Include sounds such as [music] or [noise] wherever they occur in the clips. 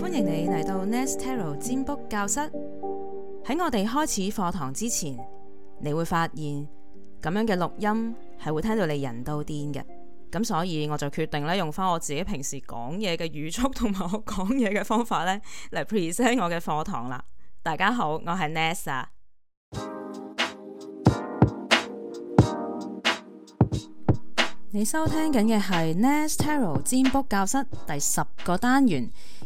歡迎你嚟到 Nestero 尖卜教室。喺我哋開始課堂之前，你會發現咁樣嘅錄音係會聽到你人都癲嘅。咁所以我就決定咧用翻我自己平時講嘢嘅語速同埋我講嘢嘅方法咧嚟 present 我嘅課堂啦。大家好，我係 Nestar。你收聽緊嘅係 Nestero 尖卜教室第十個單元。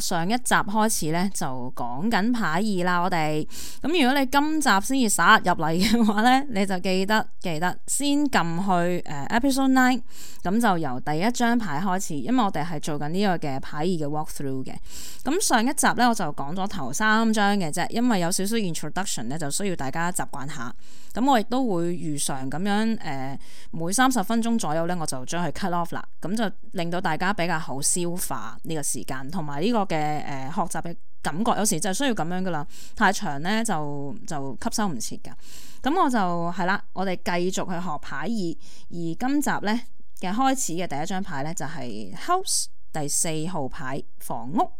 上一集開始咧就講緊牌二啦，我哋咁如果你今集先至殺入嚟嘅話咧，你就記得記得先撳去誒、呃、episode nine，咁就由第一張牌開始，因為我哋係做緊呢個嘅牌二嘅 walk through 嘅。咁上一集咧我就講咗頭三張嘅啫，因為有少少 introduction 咧就需要大家習慣下。咁我亦都會如常咁樣誒、呃、每三十分鐘左右咧我就將佢 cut off 啦，咁就令到大家比較好消化呢個時間同埋呢個。嘅誒學習嘅感覺，有時就係需要咁樣噶啦，太長咧就就吸收唔切噶。咁我就係啦，我哋繼續去學牌二，而今集咧嘅開始嘅第一張牌咧就係、是、House 第四號牌房屋。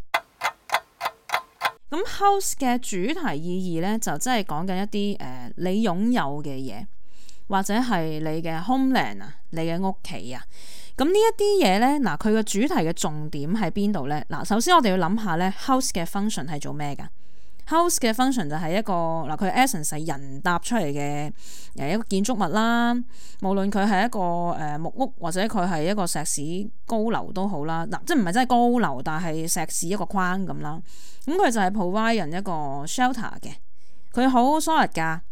咁 House 嘅主題意義咧就真係講緊一啲誒、呃、你擁有嘅嘢，或者係你嘅 home land 啊，你嘅屋企啊，咁呢一啲嘢咧，嗱佢個主題嘅重點喺邊度咧？嗱，首先我哋要諗下咧，house 嘅 function 係做咩噶？house 嘅 function 就係一個嗱，佢 essence 係人搭出嚟嘅誒一個建築物啦。無論佢係一個誒木屋或者佢係一個石屎高樓都好啦。嗱，即係唔係真係高樓，但係石屎一個框咁啦。咁佢就係 provide 人一個 shelter 嘅，佢好 solid 噶。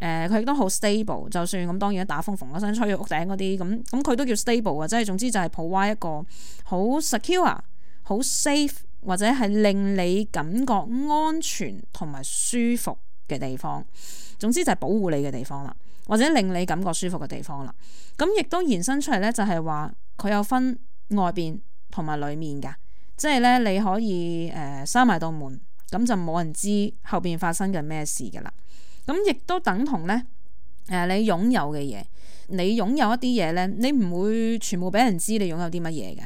誒佢亦都好 stable，就算咁當然打風逢一，逢個身吹到屋頂嗰啲咁咁，佢都叫 stable 啊！即係總之就係 provide 一個好 secure、好 safe 或者係令你感覺安全同埋舒服嘅地方。總之就係保護你嘅地方啦，或者令你感覺舒服嘅地方啦。咁亦都延伸出嚟咧，就係話佢有分外邊同埋裏面噶，即係咧你可以誒閂埋道門，咁就冇人知後邊發生緊咩事噶啦。咁亦都等同咧誒，你擁有嘅嘢，你擁有一啲嘢咧，你唔會全部俾人知你擁有啲乜嘢嘅，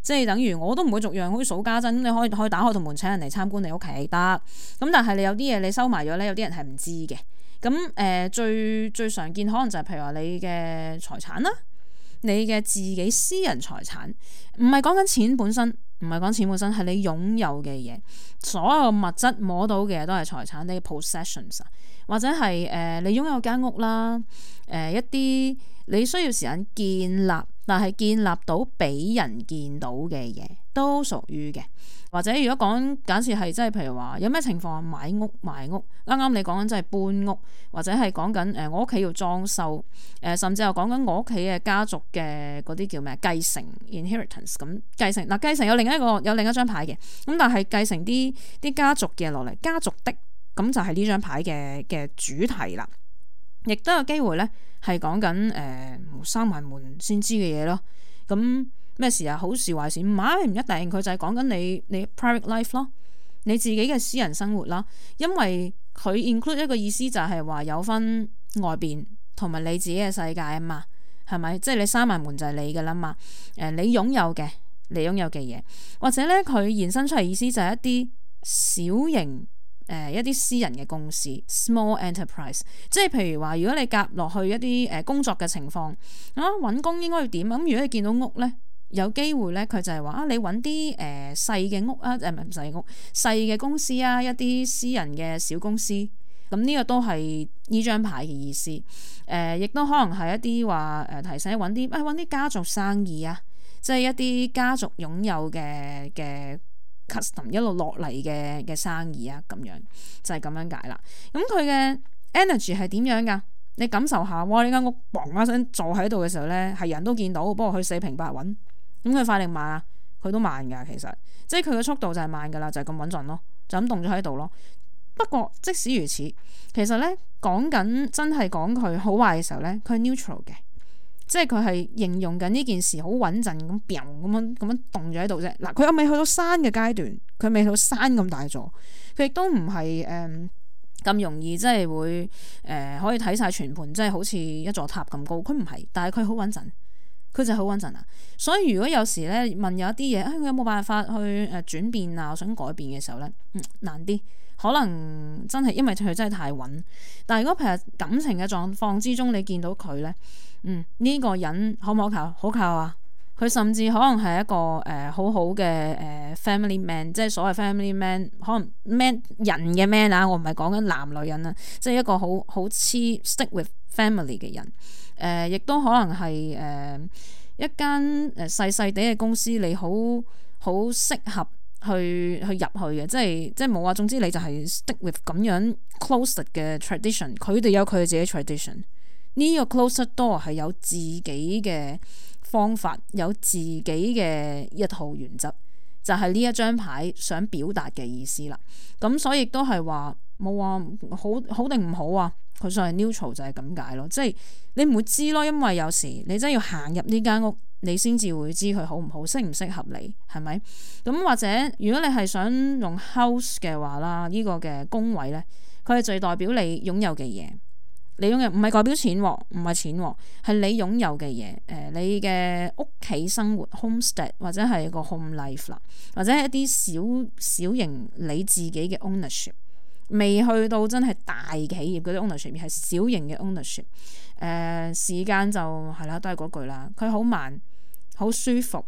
即係等於我都唔會逐樣好似數家珍咁，你可以可以打開同門請人嚟參觀你屋企得咁，但係你有啲嘢你收埋咗咧，有啲人係唔知嘅。咁、嗯、誒、呃，最最常見可能就係譬如話你嘅財產啦，你嘅自己私人財產，唔係講緊錢本身。唔係講錢本身，係你擁有嘅嘢，所有物質摸到嘅都係財產，你 possessions，或者係誒、呃、你擁有間屋啦，誒、呃、一啲你需要時間建立。但係建立到俾人見到嘅嘢都屬於嘅，或者如果講假設係即係，譬如話有咩情況買屋買屋，啱啱你講緊即係搬屋，或者係講緊誒我屋企要裝修，誒、呃、甚至又講緊我屋企嘅家族嘅嗰啲叫咩繼承 （inheritance） 咁繼承，嗱繼,、呃、繼承有另一個有另一張牌嘅，咁但係繼承啲啲家族嘅落嚟家族的咁就係呢張牌嘅嘅主題啦。亦都有機會咧，係講緊誒，閂埋門先知嘅嘢咯。咁、嗯、咩事啊？好事壞事，唔係，唔一定。佢就係講緊你你 private life 咯，你自己嘅私人生活啦。因為佢 include 一個意思就係話有分外邊同埋你自己嘅世界啊嘛，係咪？即係你閂埋門就係你嘅啦嘛。誒，你擁有嘅，你擁有嘅嘢，或者咧佢延伸出嚟意思就係一啲小型。誒、呃、一啲私人嘅公司，small enterprise，即係譬如話，如果你夾落去一啲誒、呃、工作嘅情況，啊揾工應該要點啊？咁如果你見到屋咧，有機會咧，佢就係話啊，你揾啲誒細嘅屋啊，誒唔係唔細屋，呃、細嘅公司啊，一啲私人嘅小公司，咁、嗯、呢、這個都係呢張牌嘅意思。誒、呃，亦都可能係一啲話誒，提醒你揾啲，誒揾啲家族生意啊，即係一啲家族擁有嘅嘅。Custom 一路落嚟嘅嘅生意啊，咁樣就係、是、咁樣解啦。咁佢嘅 energy 係點樣噶？你感受下，哇！你間屋嘣一聲坐喺度嘅時候咧，係人都見到。不過佢四平八穩，咁、嗯、佢快定慢啊？佢都慢噶，其實即係佢嘅速度就係慢噶啦，就係、是、咁穩陣咯，就咁動咗喺度咯。不過即使如此，其實咧講緊真係講佢好壞嘅時候咧，佢係 neutral 嘅。即係佢係形容緊呢件事好穩陣咁，biang 咁樣咁樣動咗喺度啫。嗱，佢又未去到山嘅階段，佢未去到山咁大座，佢亦都唔係誒咁容易，即係會誒、呃、可以睇晒全盤，即係好似一座塔咁高。佢唔係，但係佢好穩陣，佢就好穩陣啊。所以如果有時咧問一、啊、有一啲嘢，誒，佢有冇辦法去誒轉、呃、變啊？我、呃、想改變嘅時候咧，嗯，難啲。可能真係因為佢真係太穩，但係如果譬如感情嘅狀況之中，你見到佢咧，嗯，呢個人可唔可靠？好靠啊！佢甚至可能係一個誒、呃、好好嘅誒 family man，即係所謂 family man，可能 man 人嘅 man 啊？我唔係講緊男女人啊，即係一個好好黐 stick with family 嘅人，誒、呃、亦都可能係誒、呃、一間誒細細哋嘅公司，你好好適合。去去入去嘅，即係即係冇啊！總之你就係 stick with 咁樣 closed 嘅 tradition，佢哋有佢自己 tradition，呢個 closed door 係有自己嘅方法，有自己嘅一套原則，就係呢一張牌想表達嘅意思啦。咁所以亦都係話。冇話、啊、好好定唔好啊！佢上係 neutral 就係咁解咯，即係你唔會知咯，因為有時你真係要行入呢間屋，你先至會知佢好唔好，適唔適合你，係咪？咁或者如果你係想用 house 嘅話啦，呢、這個嘅工位咧，佢係最代表你擁有嘅嘢，你擁有唔係代表錢喎，唔係錢喎，係你擁有嘅嘢，誒、呃、你嘅屋企生活 （homestead） 或者係個 home life 啦，或者一啲小小型你自己嘅 ownership。未去到真係大企業嗰啲 ownership 而係小型嘅 ownership，誒、呃、時間就係啦，都係嗰句啦，佢好慢，好舒服，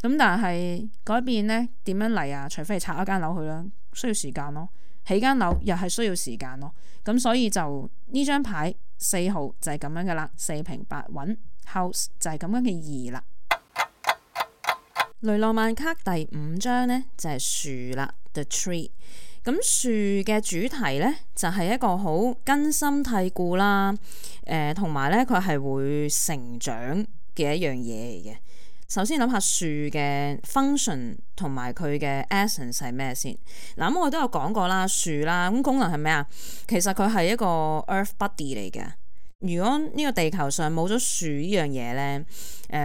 咁但係改變呢，點樣嚟啊？除非係拆一間樓去啦，需要時間咯，起間樓又係需要時間咯，咁所以就呢張牌四號就係咁樣噶啦，四平八穩，後就係咁樣嘅二啦。 [noise] 雷諾曼卡第五張呢，就係、是、樹啦。The tree 咁樹嘅主題呢，就係、是、一個好根深蒂固啦。誒、呃，同埋呢，佢係會成長嘅一樣嘢嚟嘅。首先諗下樹嘅 function 同埋佢嘅 essence 係咩先嗱。咁、嗯、我都有講過啦，樹啦咁、嗯、功能係咩啊？其實佢係一個 earth buddy 嚟嘅。如果呢個地球上冇咗樹呢樣嘢呢，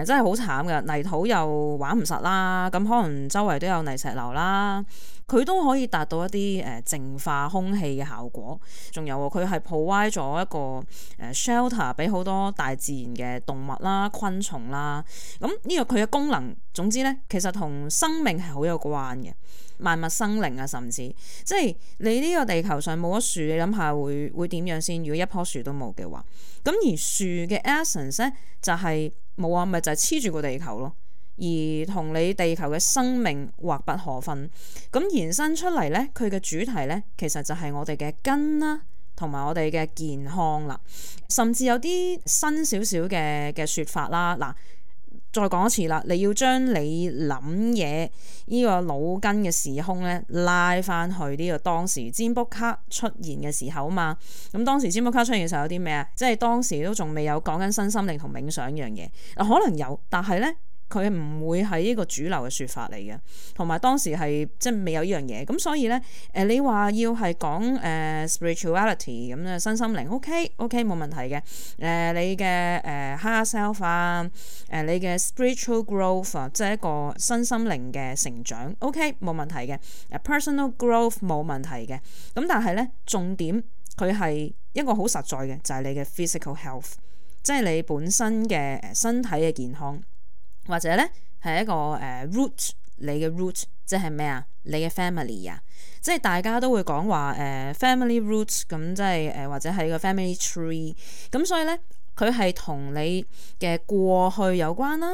真係好慘㗎。泥土又玩唔實啦，咁、嗯、可能周圍都有泥石流啦。佢都可以達到一啲誒淨化空氣嘅效果，仲有佢係 provide 咗一個誒 shelter 俾好多大自然嘅動物啦、昆蟲啦，咁呢個佢嘅功能，總之呢，其實同生命係好有關嘅，萬物生靈啊，甚至即係你呢個地球上冇咗棵樹，你諗下會會點樣先？如果一棵樹都冇嘅話，咁而樹嘅 essence 呢、就係，就係冇啊，咪就係黐住個地球咯。而同你地球嘅生命或不可分咁延伸出嚟呢，佢嘅主題呢，其實就係我哋嘅根啦，同埋我哋嘅健康啦，甚至有啲新少少嘅嘅説法啦。嗱，再講一次啦，你要將你諗嘢呢個腦筋嘅時空呢，拉翻去呢個當時占卜卡出現嘅時候啊嘛。咁當時占卜卡出現嘅時候有啲咩啊？即係當時都仲未有講緊身心靈同冥想呢樣嘢，可能有，但係呢。佢唔會係一個主流嘅説法嚟嘅，同埋當時係即係未有呢樣嘢咁，所以呢，誒、呃，你話要係講誒 spirituality 咁咧，呃、ity, 身心靈，O K O K 冇問題嘅，誒、呃，你嘅誒 hard self 啊，誒、呃、你嘅 spiritual growth 啊，即係一個身心靈嘅成長，O K 冇問題嘅 personal growth 冇問題嘅咁，但係呢，重點佢係一個好實在嘅，就係、是、你嘅 physical health，即係你本身嘅身體嘅健康。或者咧係一個誒 root，你嘅 root 即係咩啊？你嘅 family 啊，即係大家都會講話誒 family roots 咁，即係誒或者係個 family tree 咁，所以咧佢係同你嘅過去有關啦。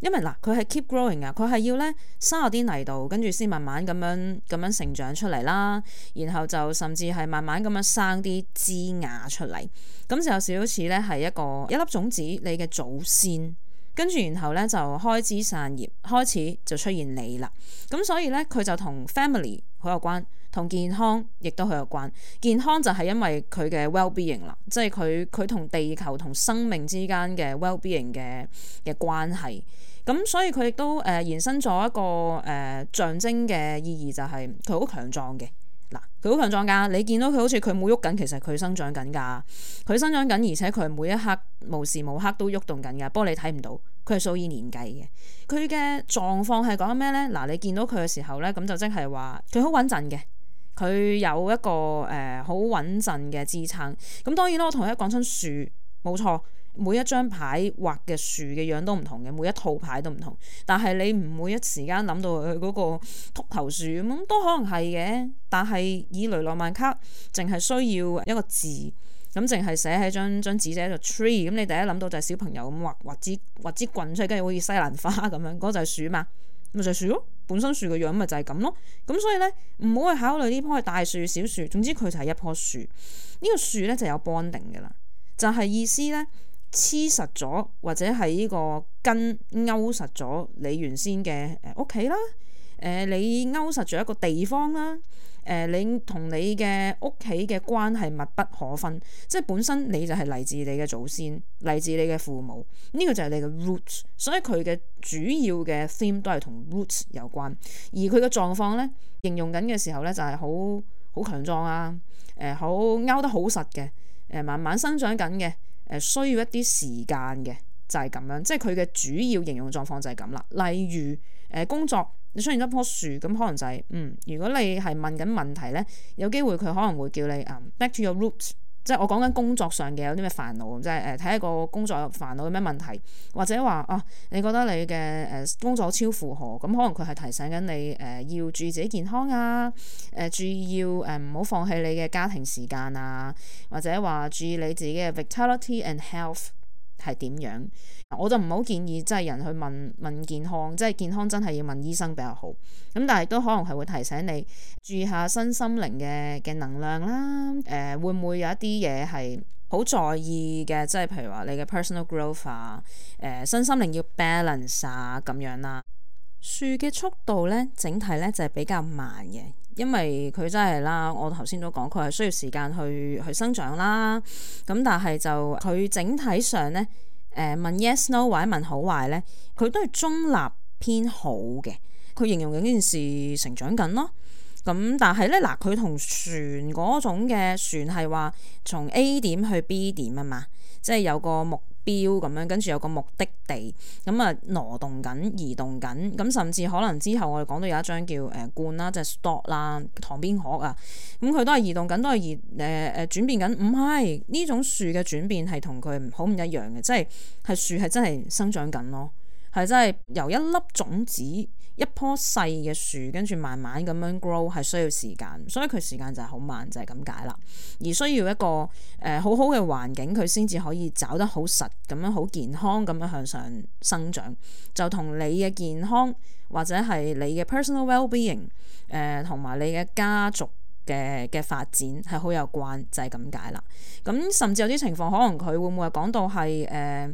因為嗱，佢係 keep growing 啊，佢係要咧生落啲泥度，跟住先慢慢咁樣咁樣成長出嚟啦。然後就甚至係慢慢咁樣生啲枝芽出嚟，咁就有少少似咧係一個一粒種，種子，你嘅祖先。跟住，然後咧就開枝散葉，開始就出現你啦。咁所以咧，佢就同 family 好有關，同健康亦都好有關。健康就係因為佢嘅 well-being 啦，即係佢佢同地球同生命之間嘅 well-being 嘅嘅關係。咁所以佢亦都誒、呃、延伸咗一個誒、呃、象徵嘅意義，就係佢好強壯嘅。好強壯噶，你見到佢好似佢冇喐緊，其實佢生長緊噶，佢生長緊，而且佢每一刻無時無刻都喐動緊噶，不過你睇唔到，佢係數以年計嘅，佢嘅狀況係講緊咩咧？嗱，你見到佢嘅時候咧，咁就即係話佢好穩陣嘅，佢有一個誒好穩陣嘅支撐。咁當然啦，我同樣講親樹，冇錯。每一張牌畫嘅樹嘅樣都唔同嘅，每一套牌都唔同。但係你唔會一時間諗到佢嗰個禿頭樹咁，都可能係嘅。但係以雷諾曼卡，淨係需要一個字咁，淨係寫喺張張紙仔寫一個 tree。咁你第一諗到就係小朋友咁畫畫支畫支棍出嚟，跟住好似西蘭花咁樣，嗰、那個、就係樹嘛，咪就係樹咯。本身樹嘅樣咪就係咁咯。咁所以咧，唔好去考慮呢棵係大樹、小樹，總之佢就係一棵樹。呢、這個樹咧就有 bonding 嘅啦，就係、是、意思咧。黐實咗或者喺呢個根勾實咗，你原先嘅誒屋企啦，誒、呃、你勾實咗一個地方啦，誒、呃、你同你嘅屋企嘅關係密不可分，即係本身你就係嚟自你嘅祖先，嚟自你嘅父母，呢、這個就係你嘅 roots。所以佢嘅主要嘅 theme 都係同 roots 有關，而佢嘅狀況呢，形容緊嘅時候呢，就係好好強壯啊，誒、呃、好勾得好實嘅，誒慢慢生長緊嘅。誒需要一啲時間嘅就係、是，咁樣，即係佢嘅主要形容狀況就係咁啦。例如誒、呃、工作，你出然現一樖樹咁，可能就係、是、嗯，如果你係問緊問題咧，有機會佢可能會叫你啊、um，back to your roots。即係我講緊工作上嘅有啲咩煩惱，即係誒睇一個工作煩惱有咩問題，或者話哦、啊，你覺得你嘅誒、呃、工作超負荷，咁、嗯、可能佢係提醒緊你誒、呃、要注意自己健康啊，誒、呃、注意要誒唔好放棄你嘅家庭時間啊，或者話注意你自己嘅 vitality and health。係點樣？我就唔好建議即係人去問問健康，即係健康真係要問醫生比較好。咁但係都可能係會提醒你注意下身心靈嘅嘅能量啦。誒、呃、會唔會有一啲嘢係好在意嘅？即係譬如話你嘅 personal growth 啊、呃，誒身心靈要 balance 啊咁樣啦。樹嘅速度咧，整體咧就係、是、比較慢嘅。因為佢真係啦，我頭先都講，佢係需要時間去去生長啦。咁但係就佢整體上咧，誒問 yes no 或者問好壞咧，佢都係中立偏好嘅。佢形容緊呢件事成長緊咯。咁但係咧嗱，佢同船嗰種嘅船係話從 A 點去 B 點啊嘛，即係有個目。標咁樣，跟住有個目的地，咁啊挪動緊、移動緊，咁甚至可能之後我哋講到有一張叫誒罐啦，即係 stop 啦，塘邊殼啊，咁佢都係移動緊，都係移誒誒、呃、轉變緊，唔係呢種樹嘅轉變係同佢唔好唔一樣嘅，即係係樹係真係生長緊咯，係真係由一粒種子，一棵細嘅樹，跟住慢慢咁樣 grow，係需要時間，所以佢時間就係好慢，就係咁解啦。而需要一個誒、呃、好好嘅環境，佢先至可以找得好實，咁樣好健康，咁樣向上生長，就同你嘅健康或者係你嘅 personal well-being，誒、呃、同埋你嘅家族。嘅嘅發展係好有關，就係咁解啦。咁甚至有啲情況，可能佢會唔會講到係誒、呃、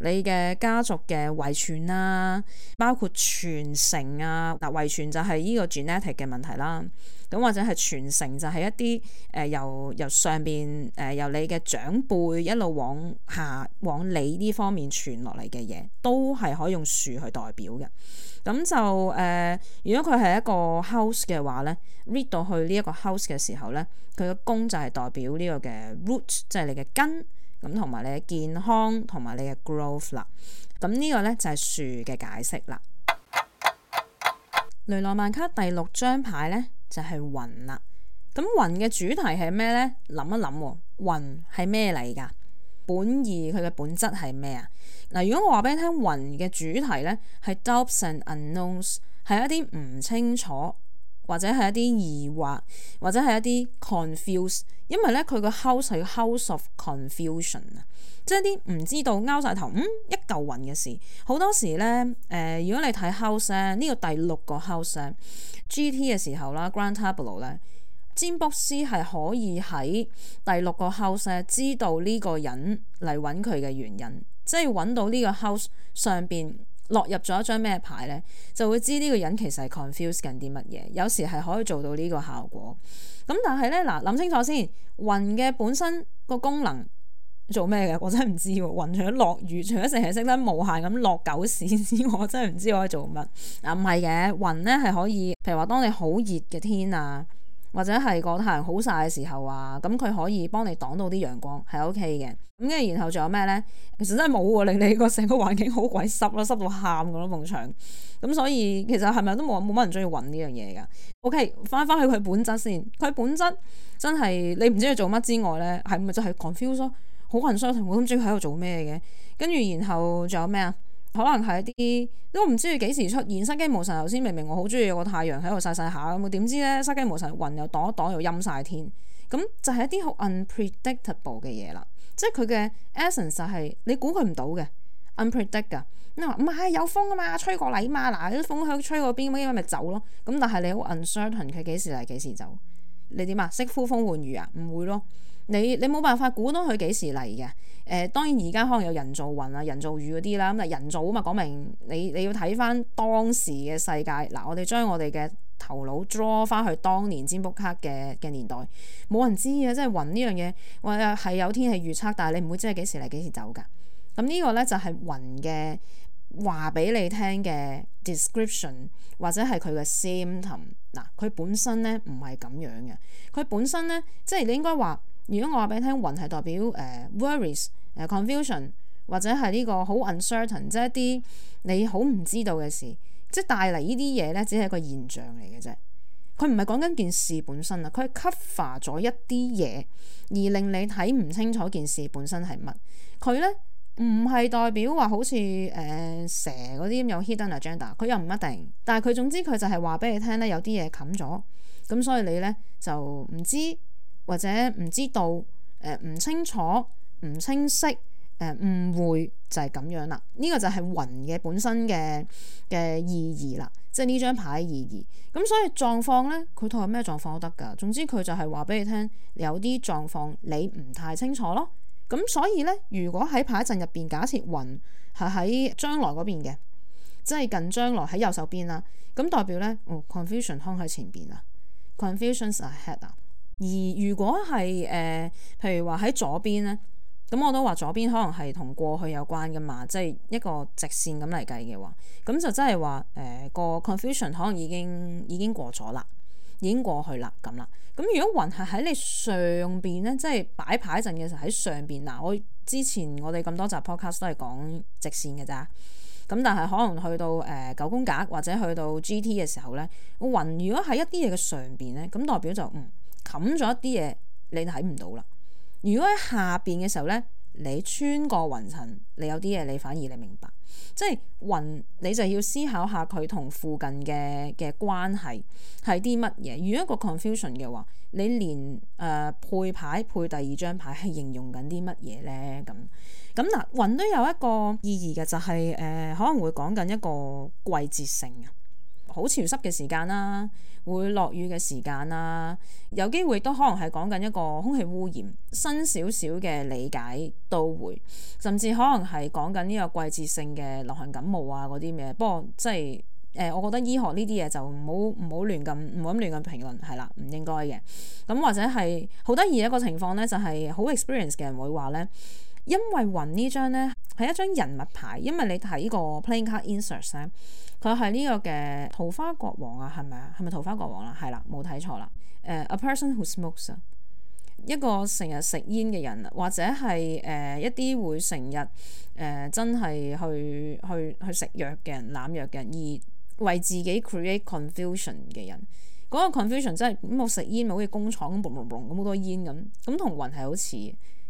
你嘅家族嘅遺傳啊，包括傳承啊。嗱，遺傳就係呢個 genetic 嘅問題啦。咁或者係傳承就，就係一啲誒由由上邊誒、呃、由你嘅長輩一路往下往你呢方面傳落嚟嘅嘢，都係可以用樹去代表嘅。咁就誒、呃，如果佢係一個 house 嘅話咧，read 到去呢一個 house 嘅時候咧，佢嘅宮就係代表呢個嘅 root，即係你嘅根咁，同埋你嘅健康同埋你嘅 growth 啦。咁呢個咧就係、是、樹嘅解釋啦。雷諾曼卡第六張牌咧。就係雲啦，咁雲嘅主題係咩呢？諗一諗喎，雲係咩嚟噶？本意佢嘅本質係咩啊？嗱，如果我話俾你聽，雲嘅主題呢，係 doubts and unknowns，係一啲唔清楚。或者係一啲疑惑，或者係一啲 confuse，因為咧佢個 house 係 house of confusion 啊，即係啲唔知道拗晒頭，嗯，一嚿雲嘅事。好多時咧，誒、呃、如果你睇 house 呢個第六個 house，GT 嘅時候啦 Grand Tableau 咧，占卜師係可以喺第六個 house 知道呢個人嚟揾佢嘅原因，即係揾到呢個 house 上邊。落入咗一張咩牌呢，就會知呢個人其實係 confuse 緊啲乜嘢。有時係可以做到呢個效果。咁但係呢，嗱諗清楚先，雲嘅本身個功能做咩嘅？我真係唔知喎。雲除咗落雨，除咗成日識得無限咁落狗屎之外，我真係唔知我可以做乜。嗱唔係嘅，雲呢係可以，譬如話當你好熱嘅天啊。或者係個太陽好晒嘅時候啊，咁佢可以幫你擋到啲陽光，係 OK 嘅。咁跟住，然後仲有咩咧？其實真係冇喎，令你個成個環境好鬼濕咯，濕到喊咁咯，埲、嗯、牆。咁所以其實係咪都冇冇乜人中意揾呢樣嘢噶？OK，翻翻去佢本質先，佢本質真係你唔知佢做乜之外咧，係咪就係 confuse 咯？好混淆，我都唔知佢喺度做咩嘅。跟住，然後仲有咩啊？可能係一啲都唔知佢幾時出現，失驚無神頭先明明我好中意有個太陽喺度曬曬下咁，點知咧，失驚無神雲又擋一擋一擋又陰晒天，咁就係一啲好 unpredictable 嘅嘢啦。即係佢嘅 essence 就係你估佢唔到嘅 unpredict 噶。你話唔係有風啊嘛，吹過嚟啊嘛，嗱啲風向吹過邊咪走咯。咁但係你好 uncertain 佢幾時嚟幾時走，你點啊？識呼風喚雨啊？唔會咯。你你冇辦法估到佢幾時嚟嘅？誒、呃，當然而家可能有人造雲啊、人造雨嗰啲啦。咁啊，人造啊嘛，講明你你要睇翻當時嘅世界嗱。我哋將我哋嘅頭腦 draw 翻去當年占卜卡嘅嘅年代，冇人知嘅，即係雲呢樣嘢，或係有天氣預測，但係你唔會知係幾時嚟幾時走㗎。咁呢個咧就係雲嘅話俾你聽嘅 description，或者係佢嘅 symptom 嗱。佢本身咧唔係咁樣嘅，佢本身咧即係你應該話。如果我話俾你聽，雲係代表誒、uh, worries、uh,、誒 confusion 或者係呢個好 uncertain，即係一啲你好唔知道嘅事，即係帶嚟呢啲嘢咧，只係一個現象嚟嘅啫。佢唔係講緊件事本身啊，佢係 cover 咗一啲嘢，而令你睇唔清楚件事本身係乜。佢咧唔係代表話好似誒、uh, 蛇嗰啲咁有 hidden agenda，佢又唔一定。但係佢總之佢就係話俾你聽咧，有啲嘢冚咗，咁所以你咧就唔知，或者唔知道，誒、呃、唔清楚、唔清晰、誒、呃、誤會就係、是、咁樣啦。呢、這個就係雲嘅本身嘅嘅意義啦，即係呢張牌嘅意義。咁、嗯、所以狀況咧，佢睇咩狀況都得噶。總之佢就係話俾你聽，有啲狀況你唔太清楚咯。咁、嗯、所以咧，如果喺牌陣入邊，假設雲係喺將來嗰邊嘅，即係近將來喺右手邊啦，咁、嗯、代表咧、哦、confusion come 喺前邊啊，confusions ahead 啊。而如果係誒、呃，譬如話喺左邊咧，咁我都話左邊可能係同過去有關噶嘛，即係一個直線咁嚟計嘅話，咁就真係話誒個 confusion 可能已經已經過咗啦，已經過去啦咁啦。咁如果雲係喺你上邊咧，即係擺牌陣嘅時候喺上邊嗱，我之前我哋咁多集 podcast 都係講直線嘅咋，咁但係可能去到誒、呃、九宮格或者去到 GT 嘅時候咧，個雲如果喺一啲嘢嘅上邊咧，咁代表就嗯。冚咗一啲嘢，你睇唔到啦。如果喺下邊嘅時候咧，你穿過雲層，你有啲嘢你反而你明白，即係雲你就要思考下佢同附近嘅嘅關係係啲乜嘢。如果一個 confusion 嘅話，你連誒、呃、配牌配第二張牌係形容緊啲乜嘢咧？咁咁嗱，雲都有一個意義嘅，就係、是、誒、呃、可能會講緊一個季節性啊。好潮濕嘅時間啦、啊，會落雨嘅時間啦、啊，有機會都可能係講緊一個空氣污染，新少少嘅理解都會，甚至可能係講緊呢個季節性嘅流行感冒啊嗰啲咩。不過即係誒、呃，我覺得醫學呢啲嘢就唔好唔好亂咁唔好咁亂咁評論係啦，唔應該嘅。咁或者係好得意一個情況咧，就係好 experience 嘅人會話咧，因為雲呢張咧係一張人物牌，因為你睇個 playing card inserts 咧。佢係呢個嘅桃花國王啊，係咪啊？係咪桃花國王啊？係啦，冇睇錯啦。誒，a person who smokes 啊，一個成日食煙嘅人，或者係誒一啲會成日誒真係去去去食藥嘅人、濫藥嘅人，而為自己 create confusion 嘅人。嗰個 confusion 真係咁，我食煙咪好似工廠咁，boom boom boom 咁好多煙咁，咁同雲係好似。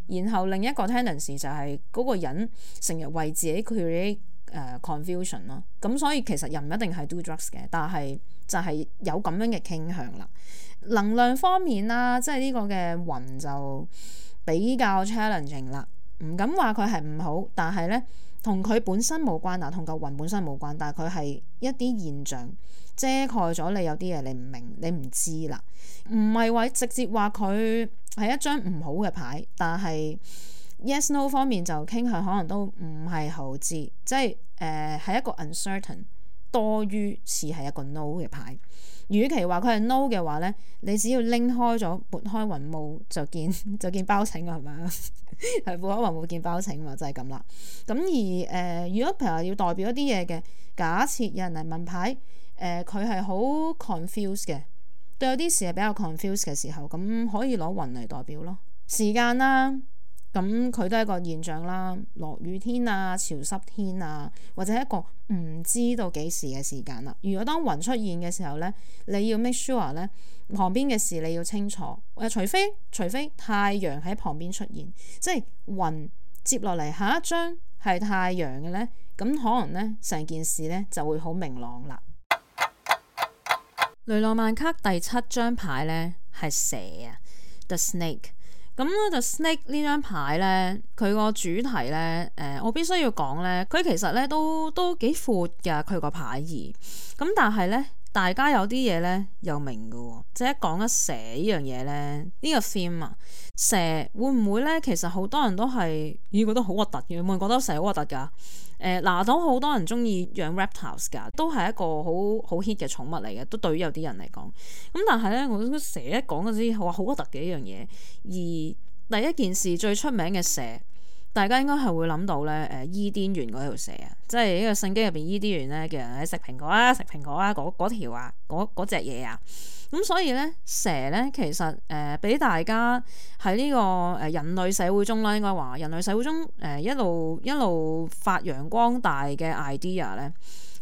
然後另一個 tendency 就係嗰個人成日為自己 create。誒、uh, confusion 咯，咁所以其實又唔一定係 do drugs 嘅，但係就係有咁樣嘅傾向啦。能量方面啊，即係呢個嘅雲就比較 challenging 啦。唔敢話佢係唔好，但係呢，同佢本身冇關啊，同個雲本身冇關，但係佢係一啲現象遮蓋咗你，有啲嘢你唔明你唔知啦。唔係話直接話佢係一張唔好嘅牌，但係。yes/no 方面就傾向，可能都唔係好知，即係誒係一個 uncertain 多於似係一個 no 嘅牌。與其話佢係 no 嘅話咧，你只要拎開咗撥開雲霧就見就見包晴啊，嘛，係咪 [laughs] 啊？係撥開雲霧見包晴啊，就係咁啦。咁而誒、呃，如果譬如話要代表一啲嘢嘅，假設有人嚟問牌，誒佢係好 confuse 嘅，對有啲事係比較 confuse 嘅時候，咁可以攞雲嚟代表咯，時間啦。咁佢都係一個現象啦，落雨天啊、潮濕天啊，或者一個唔知道幾時嘅時間啦、啊。如果當雲出現嘅時候呢，你要 make sure 咧旁邊嘅事你要清楚，誒、啊、除非除非太陽喺旁邊出現，即係雲接落嚟下一張係太陽嘅呢，咁可能呢成件事呢就會好明朗啦。雷諾曼卡第七張牌呢，係蛇啊，The Snake。咁咧就 snake 呢張牌咧，佢個主題咧，誒、呃，我必須要講咧，佢其實咧都都幾闊㗎，佢個牌意。咁、嗯、但係咧。大家有啲嘢呢，又明嘅，即係一講一蛇呢樣嘢呢，呢、這個 theme 啊，蛇會唔會呢？其實好多人都係咦、欸、覺得好核突嘅，有冇人覺得蛇好核突噶。嗱、呃，都好多人中意養 reptiles 噶，都係一個好好 hit 嘅寵物嚟嘅，都對於有啲人嚟講。咁但係呢，我覺得蛇一講嗰啲話好核突嘅一樣嘢，而第一件事最出名嘅蛇。大家應該係會諗到咧，誒、呃、伊甸園嗰條蛇啊，即係呢個聖經入邊伊甸園咧，叫人喺食蘋果啊，食蘋果啊，嗰條啊，嗰嗰隻嘢啊，咁所以咧蛇咧其實誒俾、呃、大家喺呢個誒人類社會中啦，應該話人類社會中誒、呃、一路一路發揚光大嘅 idea 咧，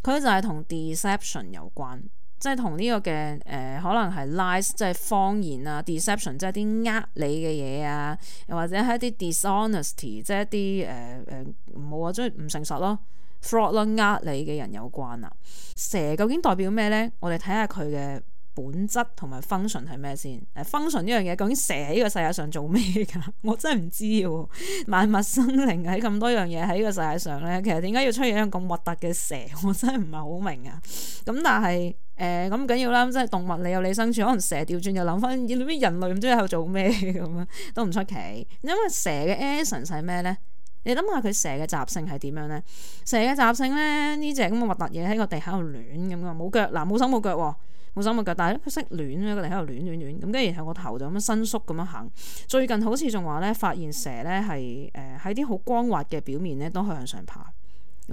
佢就係同 deception 有關。即係同呢個嘅誒、呃，可能係 lies 即係謊言啊，deception 即係啲呃你嘅嘢啊，又或者係一啲 dishonesty，即係一啲誒誒冇啊，即係唔誠實咯，fraud 啦，呃、哦、你嘅人有關啊。蛇究竟代表咩咧？我哋睇下佢嘅本質同埋 function 係咩先。誒，function 呢樣嘢究竟蛇喺個世界上做咩噶？ [laughs] 我真係唔知，啊。萬物生靈喺咁多樣嘢喺呢個世界上咧，其實點解要出現一樣咁核突嘅蛇？我真係唔係好明啊。咁但係。誒咁唔緊要啦，即係動物你有你生存，可能蛇掉轉又諗翻，人類唔知喺度做咩咁樣都唔出奇。因為蛇嘅 essence 係咩咧？你諗下佢蛇嘅習性係點樣咧？蛇嘅習性咧，呢隻咁嘅核突嘢喺個地喺度亂咁嘅，冇腳嗱，冇手冇腳喎、啊，冇手冇腳，但係佢識亂喺個地喺度亂亂亂，咁跟住然後個頭就咁樣伸縮咁樣行。最近好似仲話咧，發現蛇咧係誒喺啲好光滑嘅表面咧都可以向上爬。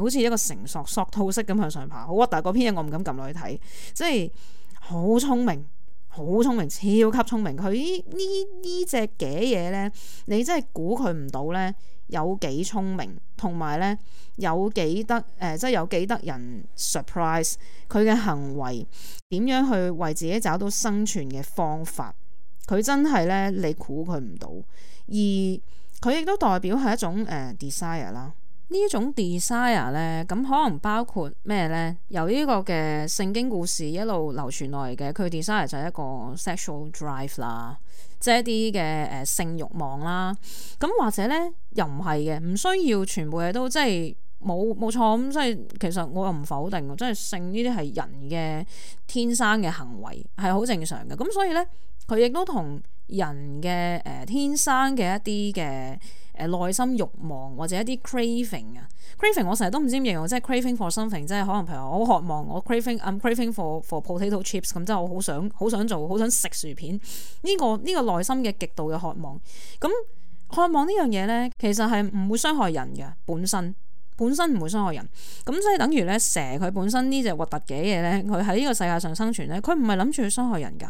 好似一個成索索套式咁向上爬，好核突嗰篇嘢我唔敢撳落去睇，即係好聰明，好聰明，超級聰明。佢呢呢隻嘅嘢呢，你真係估佢唔到呢，有幾聰明，同埋呢，呃、有幾得，誒即係有幾得人 surprise 佢嘅行為點樣去為自己找到生存嘅方法，佢真係呢，你估佢唔到，而佢亦都代表係一種誒、呃、desire 啦。種呢種 desire 咧，咁可能包括咩咧？由呢個嘅聖經故事一路流傳落嚟嘅，佢 desire 就係一個 sexual drive 啦，即係一啲嘅誒性慾望啦。咁或者咧又唔係嘅，唔需要全部嘢都即係冇冇錯咁。即係其實我又唔否定，即係性呢啲係人嘅天生嘅行為係好正常嘅。咁所以咧，佢亦都同人嘅誒、呃、天生嘅一啲嘅。誒內心慾望或者一啲 craving 啊，craving 我成日都唔知點形容，即係 craving for something，即係可能譬如我好渴望，我 craving，I'm craving for for potato chips，咁即係我好想好想做好想食薯片，呢個呢個內心嘅極度嘅渴望，咁、嗯、渴望呢樣嘢咧，其實係唔會傷害人嘅，本身本身唔會傷害人，咁、嗯、即係等於咧蛇佢本身呢隻核突嘅嘢咧，佢喺呢個世界上生存咧，佢唔係諗住去傷害人㗎，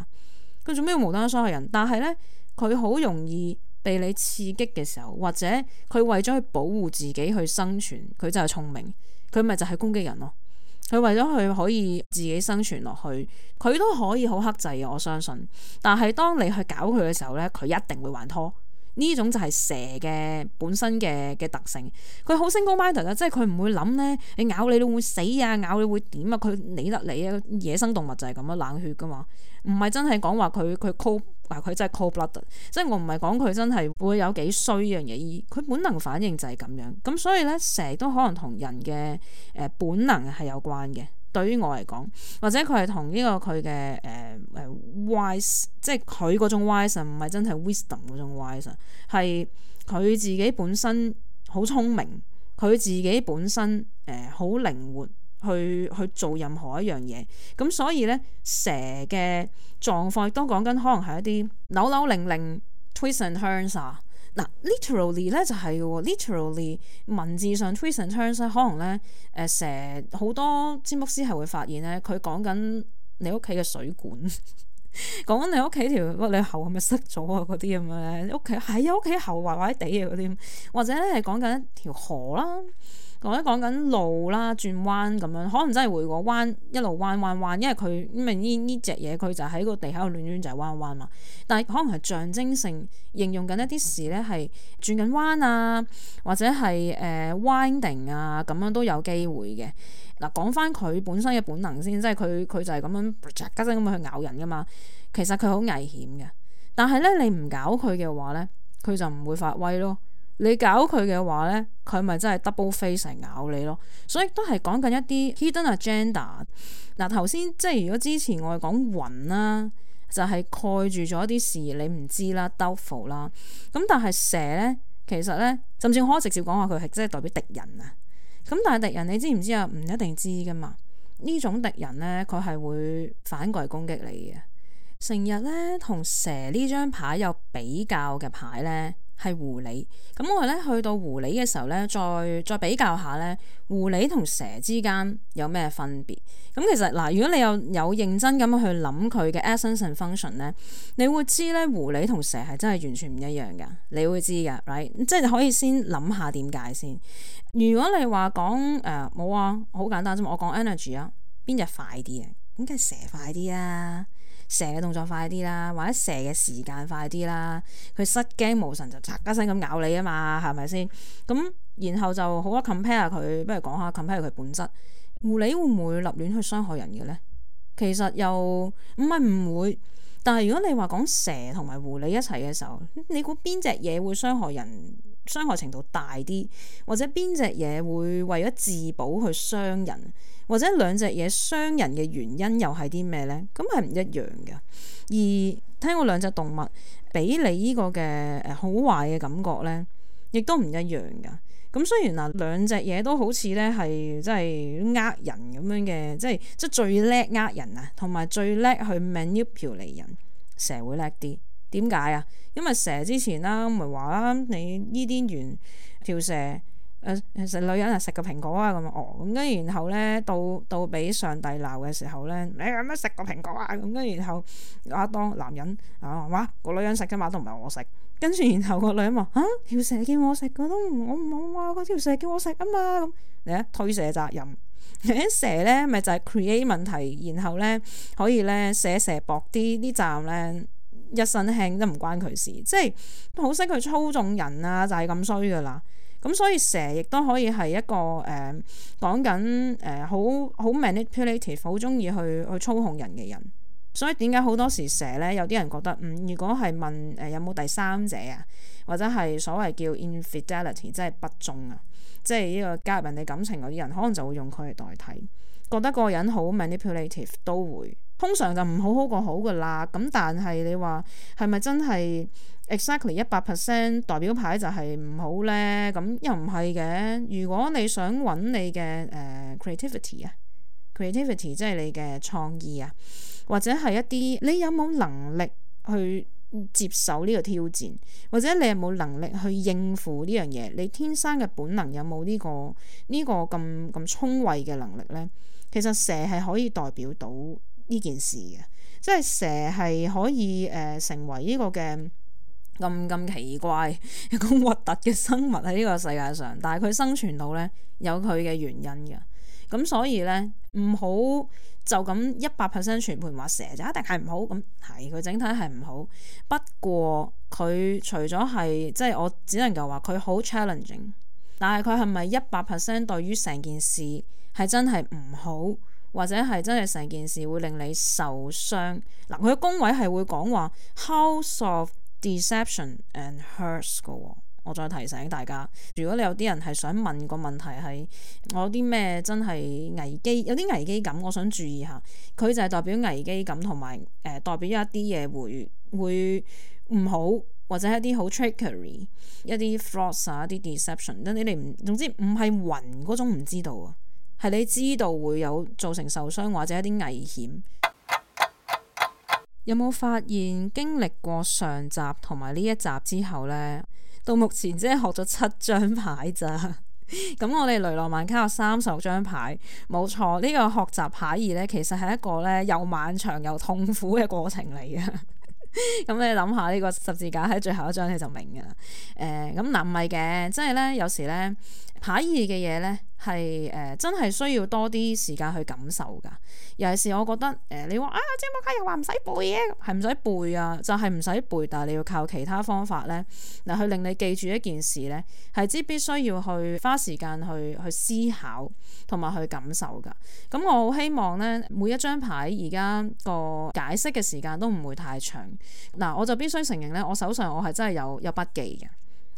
佢做咩無端端傷害人？但係咧，佢好容易。被你刺激嘅時候，或者佢為咗去保護自己去生存，佢就係聰明，佢咪就係攻擊人咯。佢為咗佢可以自己生存落去，佢都可以好克制，我相信，但係當你去搞佢嘅時候呢，佢一定會還拖。呢種就係蛇嘅本身嘅嘅特性。佢好 single-minded 呢，即係佢唔會諗呢：「你咬你都會死啊，咬你會點啊？佢理得你啊！野生動物就係咁樣，冷血噶嘛，唔係真係講話佢佢嗱，佢真係 cold blooded 嘅，即係我唔係講佢真係會有幾衰呢樣嘢，佢本能反應就係咁樣咁，所以呢，成日都可能同人嘅誒、呃、本能係有關嘅。對於我嚟講，或者佢係同呢個佢嘅誒誒 wise，即係佢嗰種 wise 唔係真係 wisdom 嗰種 wise，係佢自己本身好聰明，佢自己本身誒好、呃、靈活。去去做任何一樣嘢，咁所以咧蛇嘅狀況亦都講緊，可能係一啲扭扭擰擰 twist and turns 啊。嗱，literally 咧就係嘅喎，literally 文字上 twist and turns、啊、可能咧誒蛇好多占卜師係會發現咧，佢講緊你屋企嘅水管，講 [laughs] 緊你屋企條乜你喉係咪塞咗啊嗰啲咁樣咧，屋企係啊屋企喉壞壞哋啊嗰啲，或者咧係講緊一條河啦。講一講緊路啦，轉彎咁樣，可能真係回個彎，一路彎彎彎，因為佢因為呢呢隻嘢，佢就喺個地下度亂轉就係彎彎嘛。但係可能係象徵性形容緊一啲事咧，係轉緊彎啊，或者係誒 winding 啊咁樣都有機會嘅。嗱，講翻佢本身嘅本能先，即係佢佢就係咁樣吉吉咁去咬人噶嘛。其實佢好危險嘅，但係咧你唔搞佢嘅話咧，佢就唔會發威咯。你搞佢嘅話呢，佢咪真係 double face 成咬你咯。所以都係講緊一啲 hidden agenda。嗱，頭先即係如果之前我哋講雲啦，就係蓋住咗一啲事，你唔知啦，double 啦。咁但係蛇呢，其實呢，甚至可以直接講話佢係真係代表敵人啊。咁但係敵人你知唔知啊？唔一定知噶嘛。呢種敵人呢，佢係會反過嚟攻擊你嘅。成日呢，同蛇呢張牌有比較嘅牌呢。係狐狸，咁我哋咧去到狐狸嘅時候咧，再再比較下咧，狐狸同蛇之間有咩分別？咁其實嗱、呃，如果你有有認真咁去諗佢嘅 essence and function 咧，你會知咧，狐狸同蛇係真係完全唔一樣嘅，你會知嘅，right？即係可以先諗下點解先。如果你話講誒，冇、呃、啊，好簡單啫嘛，我講 energy 隻啊，邊隻快啲啊？梗係蛇快啲啊？蛇嘅動作快啲啦，或者蛇嘅時間快啲啦，佢失驚無神就嚓一聲咁咬你啊嘛，係咪先？咁然後就好啦，compare 佢，不如講下 compare 佢本質。狐狸會唔會立亂去傷害人嘅咧？其實又唔係唔會，但係如果你話講蛇同埋狐狸一齊嘅時候，你估邊隻嘢會傷害人？傷害程度大啲，或者邊隻嘢會為咗自保去傷人，或者兩隻嘢傷人嘅原因又係啲咩呢？咁係唔一樣嘅。而聽過兩隻動物俾你呢個嘅誒、呃、好壞嘅感覺呢，亦都唔一樣嘅。咁雖然嗱、啊、兩隻嘢都好似呢係即係呃人咁樣嘅，即係即最叻呃人啊，同埋最叻去 manipulate 人，成日會叻啲。點解啊？因為蛇之前啦，咪話啦，你呢啲猿條蛇，誒其實女人係食個蘋果啊咁哦。咁跟住，然後咧，到到俾上帝鬧嘅時候咧，你做乜食個蘋果啊？咁跟住，然後，啊，啊，然後啊，當男人啊話個女人食啫、啊啊、嘛，都唔係我食。跟住然後個女人話啊，條蛇叫我食嘅，都我冇啊。嗰條蛇叫我食啊嘛咁嚟啊，推蛇責任嚟啊，蛇咧咪就係、是、create 問題，然後咧可以咧寫蛇，蛇薄啲呢站咧。一身輕都唔關佢事，即係好識去操縱人啊，就係咁衰噶啦。咁、嗯、所以蛇亦都可以係一個誒、呃、講緊誒、呃、好好 manipulative，好中意去去操控人嘅人。所以點解好多時蛇呢？有啲人覺得嗯，如果係問誒、呃、有冇第三者啊，或者係所謂叫 infidelity，即係不忠啊，即係呢個加入人哋感情嗰啲人，可能就會用佢嚟代替，覺得個人好 manipulative 都會。通常就唔好好過好㗎喇。咁但係你話係咪真係 exactly 一百 percent 代表牌就係唔好咧？咁又唔係嘅。如果你想揾你嘅誒、呃、creativity 啊 creativity，即係你嘅創意啊，或者係一啲你有冇能力去接受呢個挑戰，或者你有冇能力去應付呢樣嘢，你天生嘅本能有冇呢、呢個呢、呢個咁咁聰慧嘅能力咧？其實蛇係可以代表到。呢件事嘅，即係蛇係可以誒、呃、成為呢個嘅咁咁奇怪、咁核突嘅生物喺呢個世界上，但係佢生存到呢，有佢嘅原因嘅。咁所以呢，唔好就咁一百 percent 全盤話蛇就一定係唔好，咁係佢整體係唔好。不過佢除咗係即係我只能夠話佢好 challenging，但係佢係咪一百 percent 對於成件事係真係唔好？或者係真係成件事會令你受傷嗱，佢嘅宮位係會講話 House of Deception and Hurts 嘅喎。我再提醒大家，如果你有啲人係想問、個問題係我有啲咩真係危機，有啲危機感，我想注意下，佢就係代表危機感同埋誒代表一啲嘢會會唔好，或者一啲好 trickery、一啲 fraud 啊，一啲 deception，你哋唔總之唔係雲嗰種唔知道啊。係你知道會有造成受傷或者一啲危險？ [noise] 有冇發現經歷過上集同埋呢一集之後呢？到目前只係學咗七張牌咋？咁、 [laughs] 嗯、我哋雷諾曼卡有三十六張牌，冇錯。呢、這個學習牌意呢，其實係一個咧又漫長又痛苦嘅過程嚟嘅。咁、 [laughs] 嗯、你諗下呢個十字架喺最後一張你就明噶啦。誒、嗯，咁嗱唔係嘅，即係呢，有時呢。牌意嘅嘢呢，係誒真係需要多啲時間去感受㗎。尤其是我覺得誒、呃，你話啊，張木卡又話唔使背嘅，係唔使背啊？就係唔使背，但係你要靠其他方法呢，嗱去令你記住一件事呢，係之必須要去花時間去去思考同埋去感受㗎。咁我好希望呢，每一張牌而家個解釋嘅時間都唔會太長。嗱，我就必須承認呢，我手上我係真係有有筆記嘅。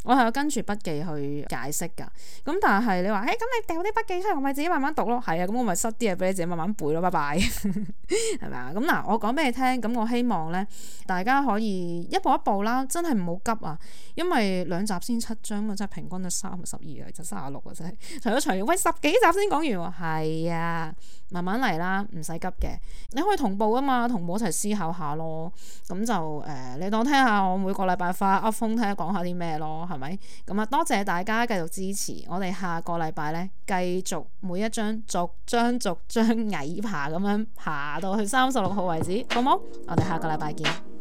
我係有跟住筆記去解釋㗎，咁但係你話，誒咁、欸、你掉啲筆記出嚟，我咪自己慢慢讀咯。係啊，咁我咪塞啲嘢俾你自己慢慢背咯。拜拜，係咪啊？咁嗱，我講俾你聽，咁我希望咧，大家可以一步一步啦，真係唔好急啊，因為兩集先七章啊，即係平均都三十二啊，就三十六啊，真係除咗除，喂十幾集先講完喎，係啊。慢慢嚟啦，唔使急嘅。你可以同步啊嘛，同步一齊思考下咯。咁就誒、呃，你當聽下我每個禮拜發 Up 風，睇下講下啲咩咯，係咪？咁啊，多謝大家繼續支持。我哋下個禮拜咧，繼續每一張逐張逐張矮爬咁樣爬到去三十六號為止，好冇？我哋下個禮拜見。